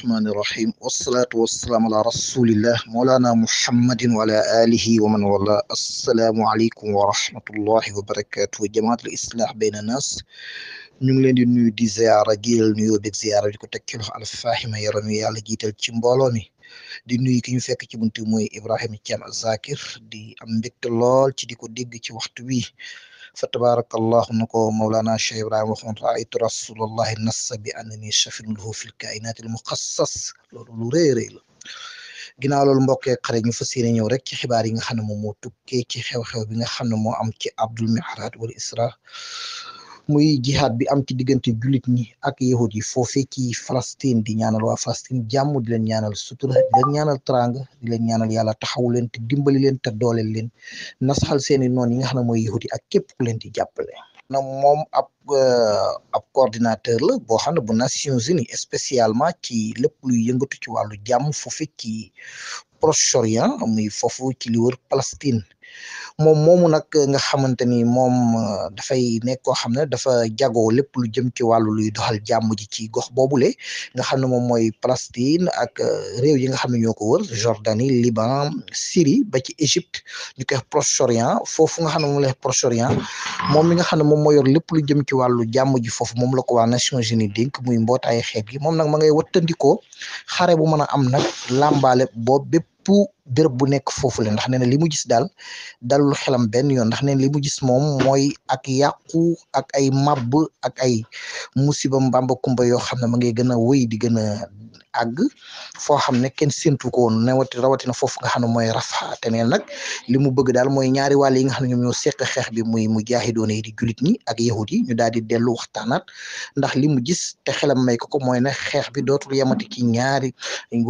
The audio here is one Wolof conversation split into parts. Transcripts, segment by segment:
rahmaani rahim wasalaatu wasalaam ala rasulillah moolaana muhammadin wa ala alihi wa man wala assalaamu aleykum wa rahmatullahi wa barakatuh jamaatul islah bayna nas ñu ngi leen di nuyu di ziyaara giral nuyoo bég ziyaara di ko teg ci loxo alfaahima yaram yi yàlla jiital ci mbooloo mi di nuyu ki ñu fekk ci buntu mooy Ibrahima Thiam Zakir di am mbégte lool ci di ko dégg ci waxtu wi fa tabarakallahu na ko mawlana cheikh ibrahima waxoon raaytu rasulallahi nassa bi annani shafirun lahu fil kainati al muxassas loolu lu rëy rëy la ginnaaw loolu mbokkee xare ñu fas yéene ñëw rek ci xibaar yi nga xam ne moom moo tukkee ci xew-xew bi nga xam ne moo am ci abdul mi'raj wal isra muy jihaad bi am ci diggante jullit ñi ak yahud yi foofee ci Palestine di ñaanal waa Palestine jàmm di leen ñaanal sutura di leen ñaanal di leen ñaanal yàlla taxaw leen te dimbali leen te dooleel leen nasaxal seeni noon yi nga xam ne mooy yahud ak képp leen di jàppale. na moom ab euh, ab coordinateur la boo xam ne bu Nations Unies spécialement ci lépp luy yëngatu ci wàllu jàmm foofee ci Proche-Orient muy foofu ci li wër moom moomu nag nga xamante ni moom euh, dafay nekk koo xam ne dafa jagoo lépp lu jëm ci wàllu luy doxal jàmm ji ci gox boobule nga xam ne moom mooy Palestine ak euh, réew yi nga xam ne ñoo ko wër Jordanie Liban Syrie ba ci Égypte ñu koy Proche-Orient foofu nga xam ne moom lay proche moom mi nga xam ne moom moo yor lépp lu jëm ci wàllu jàmm ji foofu moom la ko waa Nations Unies dink muy mbootaayu xeet gi moom nag ma ngay wattandikoo xare bu mën a am nag làmbaale boobu bépp béréb bu nekk foofu la ndax nee na li mu gis daal dalul xelam benn yoon ndax nee na mu gis moom mooy ak yàqu ak ay mab ak ay musiba mbamba kumba yoo xam ne ma ngay gën a wéy di gën a àgg foo xam ne kenn séntu ko woon newati rawatina foofu nga xam ne mooy Rafa te nag li mu bëgg daal mooy ñaari wàll yi nga xam ne ñoom ñoo seq xeex bi muy mu jaaxidoon yi di julit ñi ak yahud yi ñu daal di dellu waxtaanaat ndax li mu gis te xelam may ko ko mooy ne xeex bi dootul yamati ci ñaari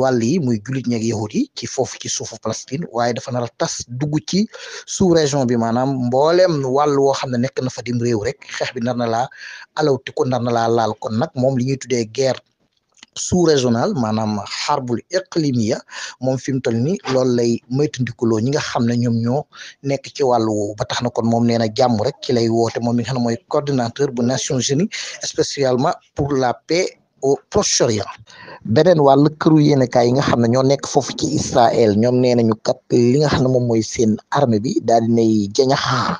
wàll yi muy julit ñi ak yahud yi ci foofu foofu ci suufu Palestine waaye dafa na a tas dugg ci sous région bi maanaam mbooleem wàll woo xam ne nekk na fa dim réew rek xeex bi nar na laa alawti ko nar na laa laal kon nag moom li ñuy tuddee guerre sous régional maanaam xarbul iqlimiya moom fi mu toll ni loolu lay moytandikuloo ñi nga xam ne ñoom ñoo nekk ci wàllu woowu ba tax na kon moom nee na jàmm rek ci lay woote moom mi nga xam mooy coordinateur bu Nations Unies spécialement pour la paix au proche beneen wàll këru yéenekaay yi nga xam ne ñoo nekk foofu ci Israël ñoom nee ñu kat li nga xam ne moom mooy seen armée bi daal di nay jañaxaar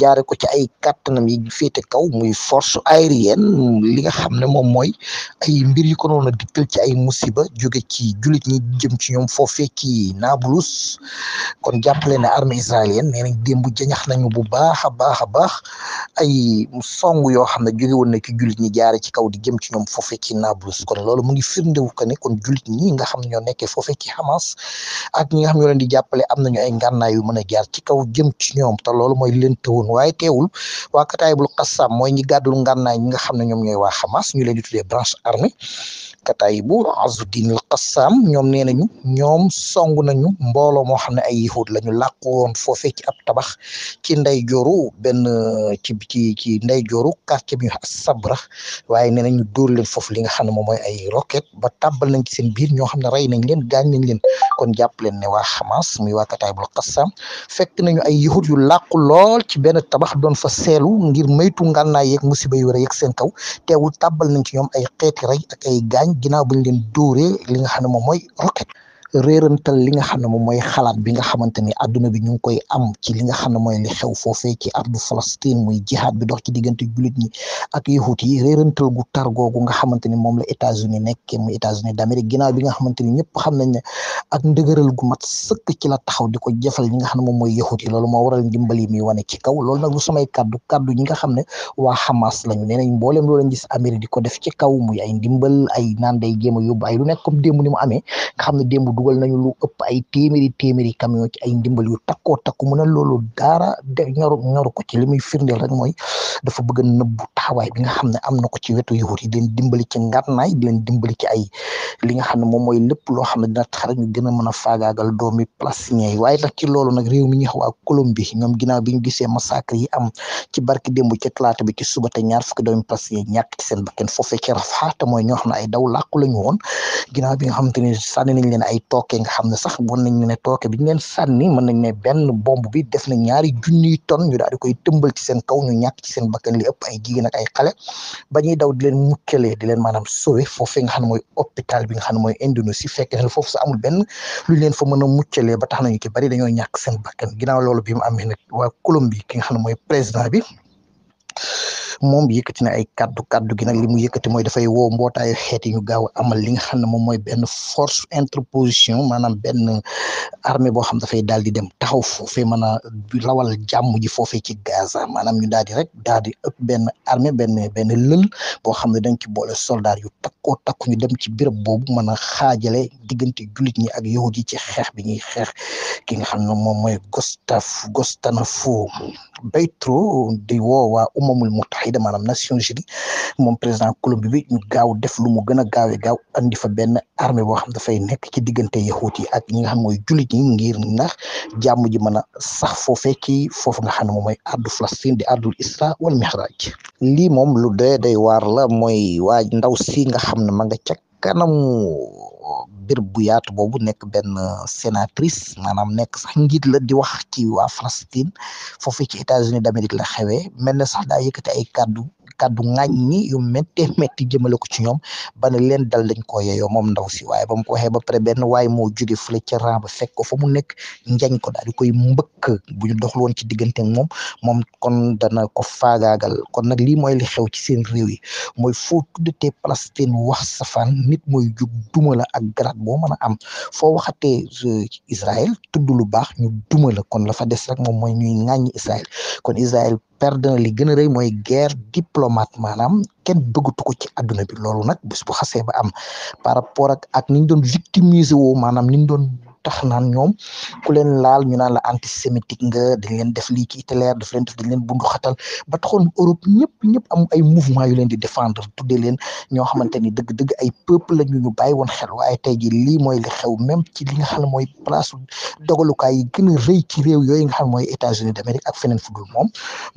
jaare ko ci ay kàttanam yi féete kaw muy force aérienne li nga xam ne moom mooy ay mbir yu ko noon a dikkal ci ay musiba jóge ci jullit ñi jëm ci ñoom foofee Nablus kon jàppale ne armée israélienne nee nañ démb jañax nañu bu baax a baax a baax ay song yoo xam ne jóge woon na ci jullit ñi jaare ci kaw di jëm ci ñoom foofee ci loolu mu ngi firnde wu ko ne kon jullit ñi nga xam ñoo nekkee foofee ci Hamas ñi nga xam ñoo leen di jàppale am nañu ay ngànnaay yu mën a jaar ci kaw jëm ci ñoom te loolu mooy leen tëwoon waaye teewul waa Kataayibul Qassam mooy ñi gàddul ngànnaay ñi nga xam ne ñoom ñooy waa Hamas ñu leen di tuddee branche armée Kataayibu Azuddin al Qassam ñoom nee nañu ñoom song nañu mbooloo moo xam ne ay yahud lañu làqu woon foofee ci ab tabax ci nday jooru benn ci ci ci nday jooru quartier bi ñu sabra waaye nee nañu dóor leen foofu li nga xam ne moom mooy ay roquette ba tàbbal nañ ci seen biir ñoo xam ne rey nañ leen gaañ nañ leen kon jàpp leen ne waa Hamas muy waa Kataybul Qassam fekk nañu ay yahud yu làqu lool ci benn tabax doon fa seelu ngir maytu ngànnaay yeeg musiba yu war a yegg seen kaw teewul tàbbal nañ ci ñoom ay xeeti rey ak ay gaañ ginnaaw bu ñu leen dóoree li nga xam ne moom mooy réerantal li nga xam ne moom mooy xalaat bi nga xamante ni adduna bi ñu ngi koy am ci li nga xam ne mooy li xew foofee ci ardu Palestine muy jihaad bi dox ci diggante jullit ñi ak yahut yi réerantal gu tar googu nga xamante ni moom la États-Unis nekkee muy États-Unis d'Amérique ginnaaw bi nga xamante ni ñëpp xam nañ ne ak ndëgëral gu mat sëkk ci la taxaw di ko jëfal ñi nga xam ne moom mooy yahut yi loolu moo waral ndimbali mi wane ci kaw loolu nag lu samay kaddu kaddu ñi nga xam ne waa Hamas lañu nee nañ mbooleem loolu lañ gis Amérique di ko def ci kaw muy ay ndimbal ay naan day jéem a yóbbu ay lu nekk comme démb ni mu amee nga xam ne démb dugal nañu lu ëpp ay téeméeri téeméeri camion ci ay ndimbal yu takkoo takku mu ne loolu dara de ñoru ñoru ko ci li muy firndeel rek mooy dafa bëgg a nëbbu taxawaay bi nga xam ne am na ko ci wetu yahut yi di dimbali ci ngànnaay di leen dimbali ci ay li nga xam ne moom mooy lépp loo xam ne dina tax ñu gën a mën a faagaagal doomi palestinien yi waaye nag ci loolu nag réew mi ñuy wax waa Colombie ñoom ginnaaw bi ñu gisee massacre yi am ci barki démb talaata bi ci suba te ñaar fukki doomi palestinien ñàkk seen bakkan foofee ci Rafah te mooy ñoo xam ne ay daw làkku lañu woon ginnaaw bi nga xamante ne sànni nañ leen ay tooke nga xam ne sax bon nañ ne tooke bi ñu leen sànni mën nañ ne benn bomb bi def na ñaari junniy tonne ñu daal di koy tëmbal ci seen kaw ñu ñàkk seen bakkan li ëpp ay jigéen ak ay xale ba ñuy daw di leen muccalee di leen maanaam sauvé foofee nga xam ne mooy hôpital bi nga xam ne mooy Indonésie fekk foofu sax amul benn lu leen fo mën a muccalee ba tax nañu ci bari dañoo ñàkk seen bakkan ginnaaw loolu bi mu amee nag waa Colombie ki nga xam ne mooy président bi moom yëkkati na ay kaddu kaddu gi nag li mu yëkkati mooy dafay woo mbootaayu xeet yi ñu gaaw amal li nga xam ne moom mooy benn force interposition maanaam benn armée boo xam dafay daal di dem taxaw foofee mën a lawal jàmm ji foofee ci Gaza maanaam ñu daal di rek daal di ëpp benn armée benn benn lël boo xam ne dañ ci boole soldat yu takkoo takku ñu dem ci béréb boobu mën a xaajale diggante jullit ñi ak yahud yi ci xeex bi ñuy xeex ki nga xam ne moom mooy gosta Gostanafo Baytro di woo waa umamul Unida maanaam Nations Unies moom président Colombie bi ñu gaaw def lu mu gën a gaawee gaaw andi fa benn armée boo xam dafay nekk ci diggante yahuut yi ak ñi nga xam mooy jullit ñi ngir ndax jàmm ji mën a sax foofee kii foofu nga xam ne moom mooy ardu Palestine di ardul Isra wal Mihraj li moom lu doy day waar la mooy waaj ndaw si nga xam ne ma nga ca kanamu béréb bu yaatu boobu nekk benn sénatrice maanaam nekk sax njiit la di wax ci waa Palestine foofu ci États-Unis d'Amérique la xewee mel na sax daa yëkkati ay kàddu kàddu ŋaañ ñi yu méttee métti jëmale ko ci ñoom ba leen dal dañ koo yeyoo moom ndaw si waaye ba mu ko waxee ba pare benn waaye moo jóge fële ca rang ba fekk ko fa mu nekk njañ ko daal di koy mbëkk bu ñu doxul woon ci diggante moom moom kon dana ko faagaagal kon nag lii mooy li xew ci seen réew yi mooy foo tuddatee Palestine wax safaan nit mooy jug duma la ak garat boo mën a am foo waxatee euh, Israël tudd lu baax ñu duma kon lafa des rek moom mooy ñuy ŋàññi Israël kon Israël perdre na li gën a rëy mooy guerre diplomate maanaam kenn bëggatu ko ci àdduna bi loolu nag bés bu xasee ba am par rapport ak ak ni ñu doon victimiser woo maanaam ni ñu doon tax naan ñoom ku leen laal ñu naan la antisémitique nga dañ leen def lii ci Hitler daf leen def dañ leen bundu xatal ba taxoon Europe ñëpp ñëpp am ay mouvement yu leen di défendre tuddee leen ñoo xamante ni dëgg-dëgg ay peuple la ñu ñu bàyyi woon xel waaye te ji lii mooy li xew même ci li nga xam ne mooy place dogalukaay yi gën a ci réew yooyu nga xam ne mooy États-Unis d'Amérique ak feneen fu dul moom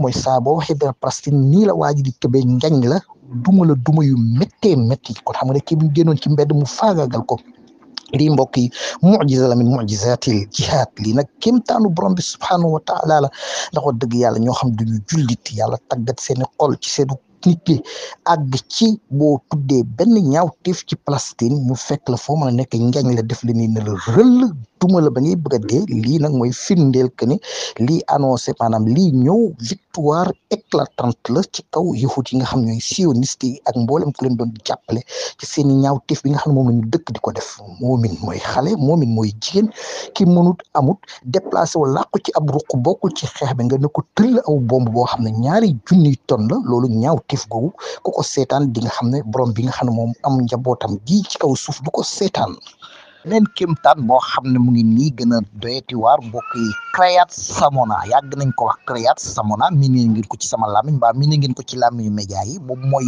mooy saa boo waxee dara Palestine nii la waa ji di tëbee njañ la duma la duma yu méttee métti kon xam nga ne kii bu génnoon ci mbedd mu faagaagal ko lii mbokk yi mujiza la min mujizatil jihad lii nag kémtaanu borom bi subhaanahu wa taala la ndax wax dëgg yàlla ñoo xam duñu jullit yàlla tàggat seeni xol ci seenu nit ki àgg ci boo dee benn ñaaw teef ci Palestine ñu fekk la foo mën a nekk njañ la def la nii ne la rëll duma la ba ngay bëgg a dee lii nag mooy firndeel que ni lii annoncé maanaam lii ñëw victoire éclatante la ci kaw yahut yi nga xam ñooy sioniste yi ak mboolem ku leen doon jàppale ci ñaaw teef bi nga xam ne moom la dëkk di ko def moomin mooy xale moomin mooy jigéen ki mënut amut déplacé wala làqu ci ab ruq bokkul ci xeex bi nga ne ko tëll aw bomb boo xam ne ñaari junniy ton la loolu ñaaw teef googu ku seetaan di nga xam ne borom bi nga xam ne moom am njabootam gii ci kaw suuf du ko seetaan leen kéemtaan boo xam ne mu ngi nii gën a doyati waar mbokk yi Créat Samona yàgg nañ ko wax Créat Samona mi ne ngeen ko ci sama làmmiñ mbaa mi ne ngeen ko ci làmmiñu média yi moom mooy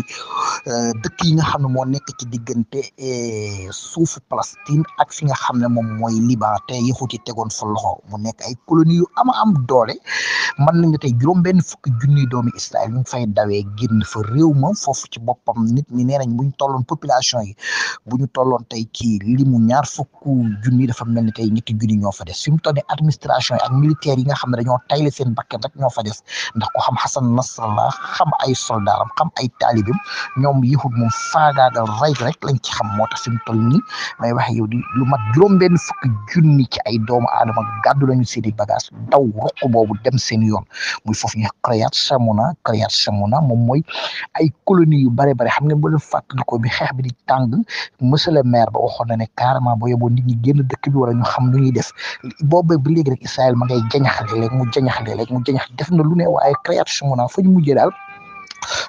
euh, dëkk yi nga xam ne moo nekk ci diggante euh, suufu Palestine ak fi nga xam ne moom mooy Liban te yëxut yi tegoon fa loxo mu nekk ay colonie yu ama am doole mën nañu tey juróom benn fukki junniy doomi Israël ñu ngi fay dawee génn fa réew ma foofu ci boppam nit ñi nee nañ bu ñu tolloon population yi bu tolloon tey ci limu ñaar fukk junni dafa mel ni tey ñetti junni ñoo fa des fi mu toll nii administration yi ak militaire yi nga xam ne dañoo tayle seen bakkan rek ñoo fa des ndax ko xam Hassan Nasrallah xam ay soldaaram xam ay taalibim ñoom yahud moom faagaagal ray ci xam moo tax fi mu toll nii may wax di lu mat juróom-benn fukki junni ci ay doomu aadama gàddu lañu seeni bagage daw ruq boobu dem seen yoon muy foofu ñu Kiryat Samona Kiryat Samona moom mooy ay colonie yu bare bare xam ngeen bu leen fàttali ko bi xeex bi di tàng monsieur le maire ba waxoon na ne carrément yóbboo nit ñi génn dëkk bi wala ñu xam lu ñuy def boobu ba léegi rek Israël ma ngay jañax léeg mu jañax léeg-léeg mu jañax def na lu ne waaye création na fa ñu mujjee daal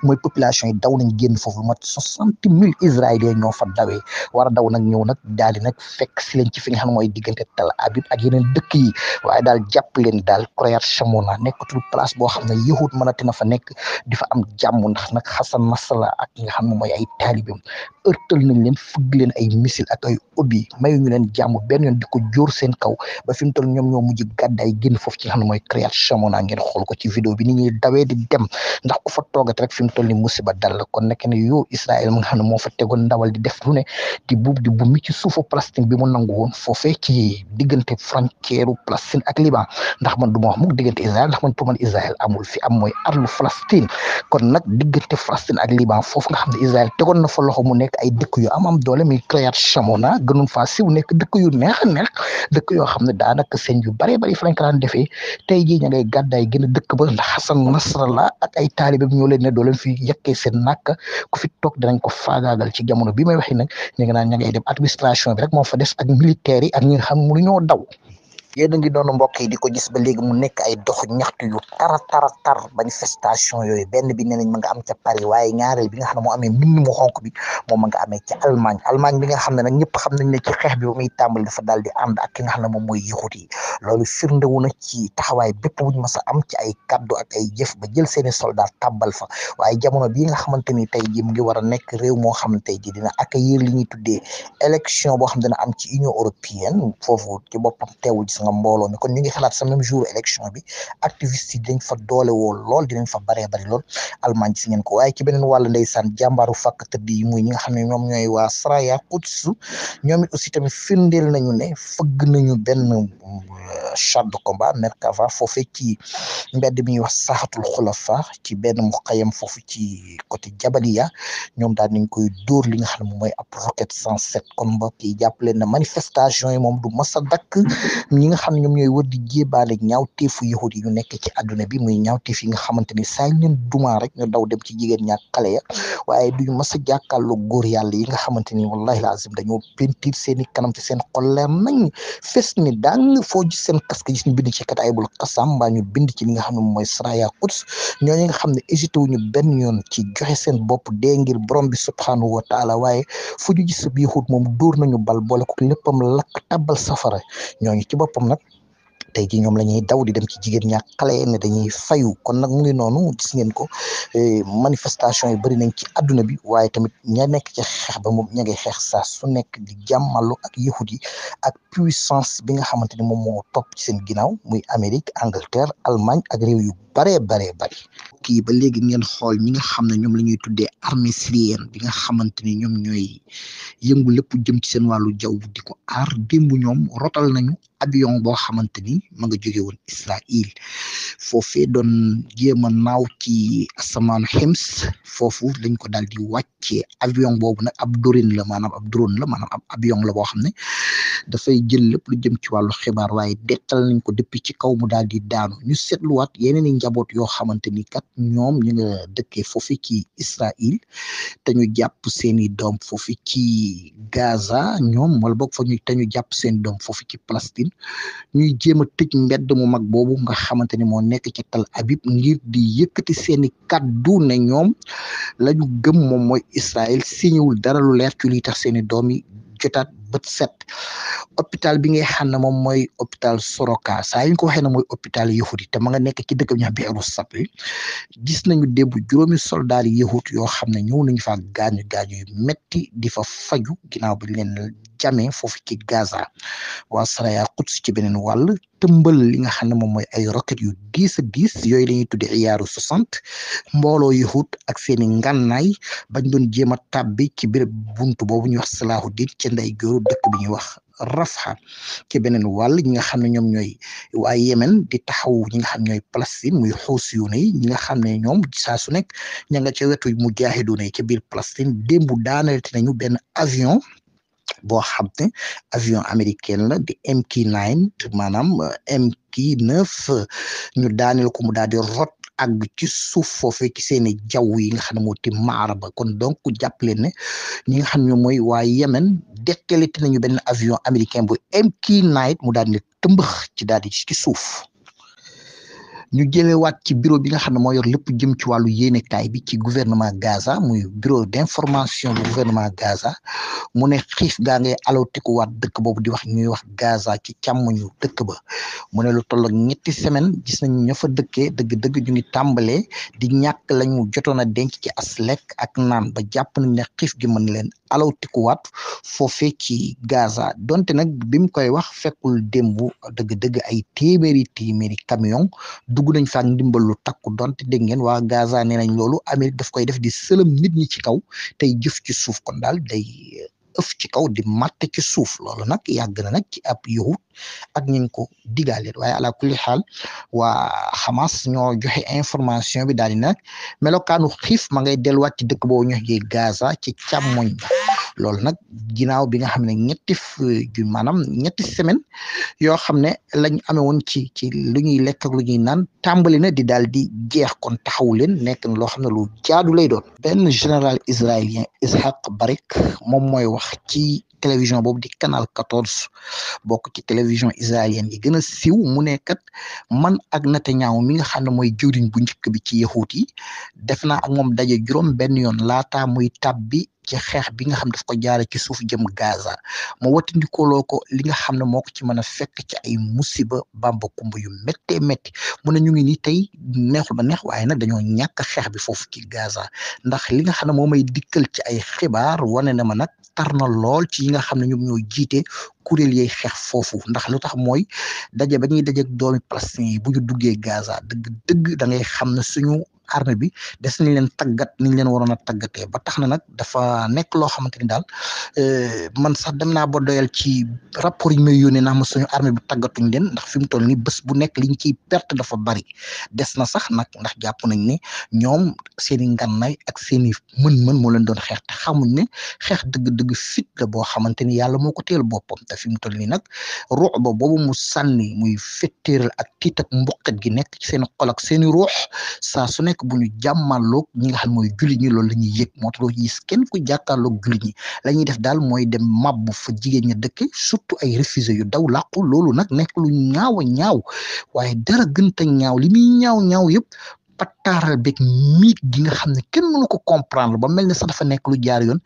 mooy population yi daw nañ génn foofu lu mat soixante mille israéliens ñoo fa dawee war a daw nag ñëw nag daal di nag fekk si leen ci fi nga xam mooy diggante Tel Aviv ak yeneen dëkk yi waaye daal jàpp leen daal Kiryat Shmona nekkatul place boo xam ne yahud mënati na fa nekk di am jàmm ndax nag Hassan Nasrallah ak nga xam ne mooy ay taalibam ërtal nañ leen fëgg leen ay missile ak ay obi mayu ñu leen jàmm benn yoon di ko jóor seen kaw ba fi mu toll ñoom ñoo mujj gàddaay génn foofu ci nga xam ne mooy Kiryat Shmona ngeen xool ko ci vidéo bi ni ñuy dawee di dem rek fi mu toll ni musiba dal la kon nekk ne yow Israël mu nga xam moo fa tegoon ndawal di def lu ne di mi ci suufu Palestine bi mu nangu woon foofee ci diggante frontière Palestine ak Liban ndax man du ma wax mukk diggante Israël ndax man pour man Israël amul fi am mooy arlu Palestine kon nag diggante Palestine ak Liban foofu nga xam ne Israël tegoon na fa loxo mu nekk ay dëkk yu am am doole muy Kiryat Shmona gënoon faa siw nekk dëkk yu neex a neex dëkk yoo xam ne daanaka seen yu a doo leen fi yàkkee seen nàkk ku fi toog dinañ ko faagaagal ci jamono bi may waxi nag ñu ngi naan ña dem administration bi rek moo fa des ak militaires yi ak ñi nga xam mënuñoo daw yéen na ngi doon mbokk yi di ko gis ba léegi mu nekk ay dox ñaxtu yu tara tara tar manifestation yooyu benn bi nee nañ ma nga am ca Paris waaye ñaareel bi nga xam ne moo amee mbind mu xonk bi moom ma nga amee nga xam ne na ñëpp xam nañ ne ci xeex bi ba muy tàmbali dafa daal di ànd ak ki nga xam ne moom mooy yixut yi loolu firndewu na ci taxawaay bépp buñ mas a am ci ay kaddu ak ay jëf ba jël seeni soldat tàbbal fa waaye jamono bii nga xamante ni tey jii mu ngi war a nekk réew moo xam ne tey jii dina accueillir li ñuy tuddee élection boo xam dina am ci Union européenne foofu ci boppam teewul gis nga mbooloo kon ñu xalaat sa jour élection bi activiste yi dinañ fa doole wool lool dinañ fa baree bari lool almaañ gis ngeen ko waaye ci beneen wàll ndeysaan jàmbaaru fàkk tëdd yi muy ñi nga xam ne ñoom ñooy waa Saraya Quds ñoom it aussi tamit firndeel nañu ne fëgg nañu benn euh, char de combat Merkava foofee ci mbedd mi ñuy wax saaxatul xulafa ci benn mu xayam foofu ci côté Jabaliya ñoom daal nañ koy dóor li nga xam ne moom mooy ab roquette 107 kon mbokk yi jàpp na manifestation moom du masa dakk ñi nga nga xam ñoom ñooy wër di jébaale ñaaw teefu yi ñu nekk ci àdduna bi muy ñaaw teef yi nga xamante ni saa ñu dumaa rek ñu daw dem ci jigéen ñaak xale ya waaye duñu mas a jàkkaarloo góor yàlla yi nga xamante ni wallahi lazim dañoo pentir seen i kanam ci seen xol leer nañ fes ni daan foo gis seen casque gis ñu bind ci kataibul xasam mbaa ñu bind ci li nga xam ne mooy saraya quds ñooñu nga xam ne ñu benn yoon ci joxe seen bopp dee ngir borom bi subhanahu wa taala waaye fu ñu gis sab yahud moom dóor nañu bal boole ko léppam lakk tabbal safara boppam nag tey jii ñoom la ñuy daw di dem ci jigéen ñaa xale ne dañuy fayu kon nag mu ngi noonu si ngeen ko eh, manifestation yi bëri nañ ci àdduna bi waaye tamit ña nekk ci xeex ba moom ña ngay xeex saa su nekk di jàmmallu ak yahud yi ak puissance bi nga xamante ni moom moo topp ci seen ginnaaw muy Amérique Angleterre Allemagne ak réew yu baree baree bari kii yi ba léegi ngeen xool ñi nga xam ne ñoom la ñuy tuddee armée syrienne bi nga xamante ni ñoom ñooy yëngu lépp jëm ci seen wàllu jaww di ko aar démb ñoom rotal nañu avion boo xamante ni ma nga jóge woon Israël foofee doon jéem a naaw ci asamaanu Hims foofu lañ ko daal di wàccee avion boobu nag ab dorin la maanaam ab drone la maanaam ab avion la boo xam ne dafay jël lépp lu jëm ci wàllu xibaar waaye dettal nañ ko depuis ci kaw mu daal di daanu ñu seetluwaat yeneen i njaboot yoo xamante ni kat ñoom ñu nga dëkkee foofu ci Israël te ñu jàpp seen i doom foofu ci Gaza ñoom wala jàpp seen doom foofu ci Palestine ñuy jéem a tëj mbedd mu mag boobu nga xamante ni moo nekk ci Tel ngir di yëkkati seen i kaddu ne ñoom lañu gëm moom mooy Israël signewul dara lu leer ci liy tax seen i doom yi jotaat bët set hôpital bi ngay xam ne moom mooy hôpital Soroka saa yu ko waxee ne mooy hôpital yahut yi te ma nga nekk ci dëkk bi ñu xam bi Elu Sapi gis nañu démb juróomi soldat yi yahut yoo xam ne ñëw nañu fa gaañu gaañu yu metti di fa faju ginnaaw ñu leen jamee foofu ci Gaza waa Saraya Quds ci beneen wàll tëmbal li nga xam ne moom mooy ay roquettes yu diis a diis yooyu la ñuy tuddee iyaaru soixante mbooloo yahut ak seeni ngànnaay bañ doon jéem a tàbbi ci béréb bunt boobu ñuy wax Salahuddin ci ndey góor meeru dëkk bi ñuy wax Rafah ci beneen wàll ñi nga xam ne ñoom ñooy waaye Yemen di taxaw ñi xam ñooy Palestine muy xuus yu ne ñi nga xam ne ñoom saa su nekk ña nga ca wetu mujaahiduuna yi ca biir Palestine démb daanalati nañu benn avion. boo xam ne avion américain la di MQ9 maanaam mq nu ñu daaneel mu daal rot àgg ci suuf foofee ci seen i jaww yi nga xam ne moo ti maara ba kon donc jàpp leen ne ñi nga xam ne mooy waa Yemen na ñu benn avion américain bu MQ-9 mu daal di tëmbax ci daal ci suuf. ñu jëlewaat ci bureau bi nga xam ne mooy yor lépp jëm ci wàllu yéenekaay bi ci gouvernement Gaza muy bureau d'information du gouvernement Gaza mu ne xiif gaa ngay dëkk boobu di wax ñuy wax Gaza ci càmmoñu dëkk ba mu ne lu toll ñetti semaine gis nañ ña dëkkee dëgg-dëgg ñu ngi tàmbalee di ñàkk lañu jotoon a denc ci as lekk ak naan ba jàpp nañ ne xiif gi mën leen alawtikuwaat foofee ci Gaza donte nag bi koy wax fekkul démb dëgg-dëgg ay téeméeri téeméeri camion dugg dugg nañ sànni ndimbal lu takku donte dégg ngeen waa Gaza nee nañ loolu Amérique daf koy def di sëlëm nit ñi ci kaw tey jëf ci suuf kon daal day euh, ëf ci kaw di matt ci suuf loolu nag yàgg na nag ci ab yowut ak ñiñ ko digaaleen waaye ala kulli xaal waa Hamas ñoo joxe information bi daal di nag melokaanu xiif ma ngay delluwaat ci dëkk boobu ñox gi Gaza ci càmmoñ ba loolu nag ginnaaw bi nga xam ne ñetti maanaam ñetti semaine yoo xam ne lañ amee woon ci ci lu ñuy lekk ak lu ñuy naan tàmbali na di daal di jeex kon taxaw leen nekk loo xam ne lu jaadu lay doon benn général israélien Ishaq Barik moom mooy wax ci télévision boobu di canal 14 bokk ci télévision israélienne yi gën a siiw mu ne kat man ak Netanyahu mi nga xam ne mooy juriñ bu njëkk bi ci yahuut yi def naa ak moom daje juróom benn yoon laataa muy tab bi ci xeex bi nga xam daf ko jaare ci suuf jëm Gaza mu watandikoloo ko li nga xam ne moo ko ci mën a fekk ci ay musiba bamba kumba yu méttee métti mu ne ñu ngi nii tey neexul ba neex waaye nag dañoo ñàkk xeex bi foofu ci Gaza ndax li nga xam ne moo may dikkal ci ay xibaar wane na ma nag tar na lool ci yi nga xam ne ñoom ñoo jiite kuréel yay xeex foofu ndax lu tax mooy daje ba ñuy dajeeg doomi palestin yi bu duggee Gaza dëgg dëgg xam ne suñu armée bi des nañ leen tàggat niñ leen waroon a tàggatee ba tax na nag dafa nekk loo xamante ni daal euh, man sax dem naa ba doyal ci rapport yi may yónnee naa ma suñu armée bi tàggatuñ leen ndax fi mu toll ni bés bu nekk liñ ciy perte dafa bari des na sax nag ndax jàpp nañ ne ñoom seen i ngànnaay ak seeni mën-mën moo leen doon xeex te xamuñ ne xeex dëgg-dëgg fit la boo xamante ni yàlla moo ko teel boppam te fi mu toll nii nag ruux ba boobu mu sànni muy fettéeral ak tiit ak gi nekk ci seen xol ak seen fekk bu ñu jàmmalloog ñi nga xam mooy julli ñi loolu la ñuy yëg moo tax doo gis kenn ku jàkkaarloog julli ñi la def daal mooy dem mabbu fa jigéen ña dëkk surtout ay refusé yu daw làqu loolu nag nekk lu ñaaw a ñaaw waaye dara gën te ñaaw li muy ñaaw ñaaw yëpp pattaaral beeg miit gi nga xam ne kenn mënu ko comprendre ba mel ne sa dafa nekk lu jaar yoon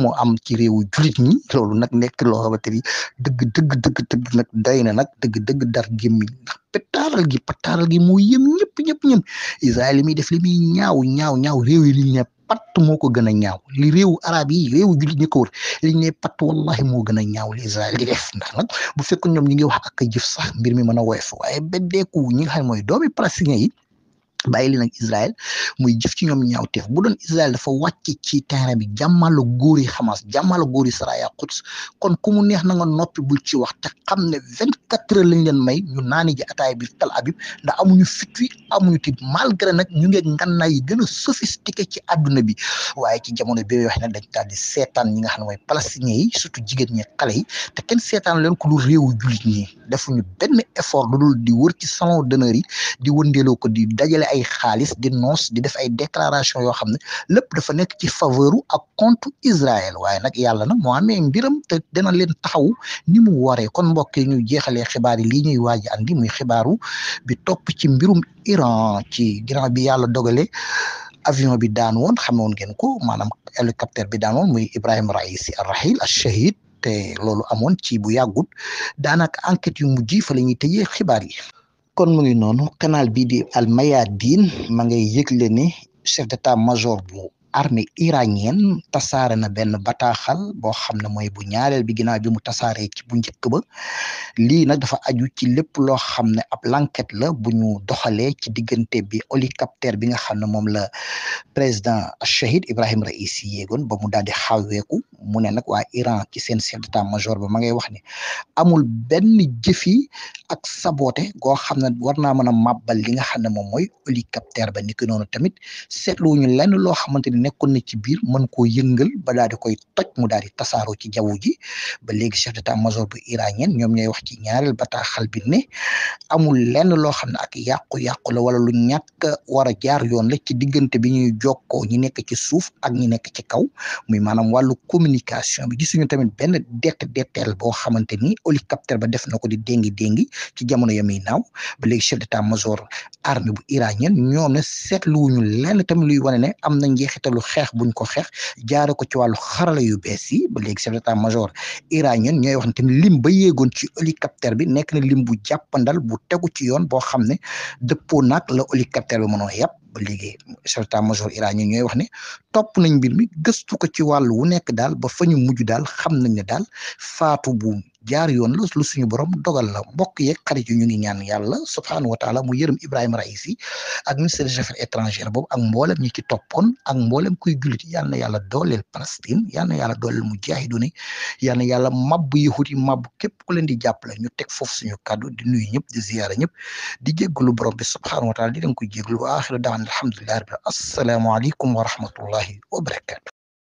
moo am ci réewu jullit ñi loolu nag nekk loo xamante ni dëgg dëgg dëgg dëgg nag day na nag dëgg dëgg gémmi ndax pattaaral gi pattaaral gi moo yëm ñëpp ñëpp ñëpp Israël li muy def li muy ñaaw ñaaw ñaaw réew yi li ñu ne patt moo ko gën a ñaaw li réewu arab yi réewu jullit ñi ko wër li ne patt wallahi moo gën a ñaaw li Israël di def ndax nag bu fekk ñoom ñi ngi wax ak jëf sax mbir mi mën a woyof waaye beddeeku ñi nga xam ne mooy doomi palestinien yi bàyyi nag Israël muy jëf ci ñoom ñaawteef bu doon Israël dafa wàcc ci terrain bi jàmmalo góori Hamas jàmmalo góori Saraya Quds kon ku mu neex na nga noppi bul ci wax te xam ne vingt quatre heures lañ leen may ñu naani ji ataay bi Tel Aviv ndax amuñu fit wi amuñu ti malgré nag ñu ngi ngannaay yi gën a sophistiqué ci àdduna bi waaye ci jamono bi wax nag dañ daal di seetaan ñi nga xam ne mooy palestiniens yi surtout jigéen ñi xale yi te kenn seetaan leen ku lu réew jullit ñi defuñu benn effort lu dul di wër ci salon d'honneur yi di wëndeeloo ko di dajale ay xaalis di noos di def ay déclaration yoo xam ne lépp dafa nekk ci faveur ak compte israel waaye nag yàlla na moo amee mbiram te dana leen taxaw ni mu waree kon mbokk yi ñu jeexalee xibaar yi lii ñuy waaj andi muy xibaaru bi topp ci mbirum Iran ci ginnaaw bi yàlla dogale avion bi daan woon xam woon ngeen ko maanaam hélicoptère bi daan woon muy Ibrahima Raisi Arrahil Achahid te loolu amoon ci bu yàggut daanaka enquête yu mujj fa la ñuy tëjee xibaar yi. kon mu ngi noonu canal bii di Al Mayadeen ma ngay yëgle ni chef d'état-major bu armée iranienne tasaare na benn bataaxal boo xam ne mooy bu ñaareel bi ginnaaw bi mu tasaaree ci bu njëkk ba lii nag dafa aju ci lépp loo xam ne ab l'enquête la bu ñu doxalee ci diggante bi hélicoptère bi nga xam ne moom la président Chahid Ibrahim Raisi yéegoon ba mu daal di xaweeku mu ne nag waa Iran ci seen chef d'état-major ba ma ngay wax ne amul benn jëfi ak saboté goo xam ne war naa mën a màbbal li nga xam ne moom mooy hélicoptère ba niki noonu tamit seetluwuñu lenn nekkoon na ci biir mën koo yëngal ba daal di koy toj mu daal di tasaaroo ci jaww ji ba léegi chef d'état-major bu iranien ñoom ñooy wax ci ñaareel bataaxal bi ne amul lenn loo xam ne ak yàqu-yàqu la wala lu ñàkk war a jaar yoon la ci diggante bi ñuy jokkoo ñi nekk ci suuf ak ñi nekk ci kaw muy maanaam wàllu communication bi gisuñu tamit benn dett detteel boo xamante ni hélicoptère ba def na ko di déngi déngi ci jamono ya muy naaw ba léegi chef d'état-major lenn tamit luy wane ne am na njeexital rafetlu xeex buñ ko xeex jaare ko ci wàllu xarala yu bees yi ba léegi chef d'état major iranien ñooy wax ne tamit lim ba yéegoon ci hélicoptère bi nekk na lim bu dal bu tegu ci yoon boo xam ne dëppoo naag la hélicoptère bi mënoo yàpp ba léegi chef d'état major iranien ñooy wax ne topp nañ mbir mi gëstu ko ci wàll wu nekk daal ba fa ñu mujj daal xam nañ ne daal faatu bu jaar yoon la lu suñu borom dogal la mbokk yeeg xarit yi ñu ngi ñaan yàlla subhaanahu wa taala mu yërëm Ibrahima Raïsi ak ministre des affaires étrangères boobu ak mboolem ñi ci toppoon ak mboolem kuy jullit yal na yàlla dooleel Palestine yal na yàlla dooleel mujaahiduun yal na yàlla mabbu yahut yi mabbu képp ku leen di jàppale ñu teg foofu suñu kàddu di nuyu ñëpp di ziyaara ñëpp di jéggalu borom bi subhaanahu wa taala di leen koy jéggalu wa axiru daan alhamdulillahi rabbil asalaamaaleykum wa rahmatullahi wa barakaatu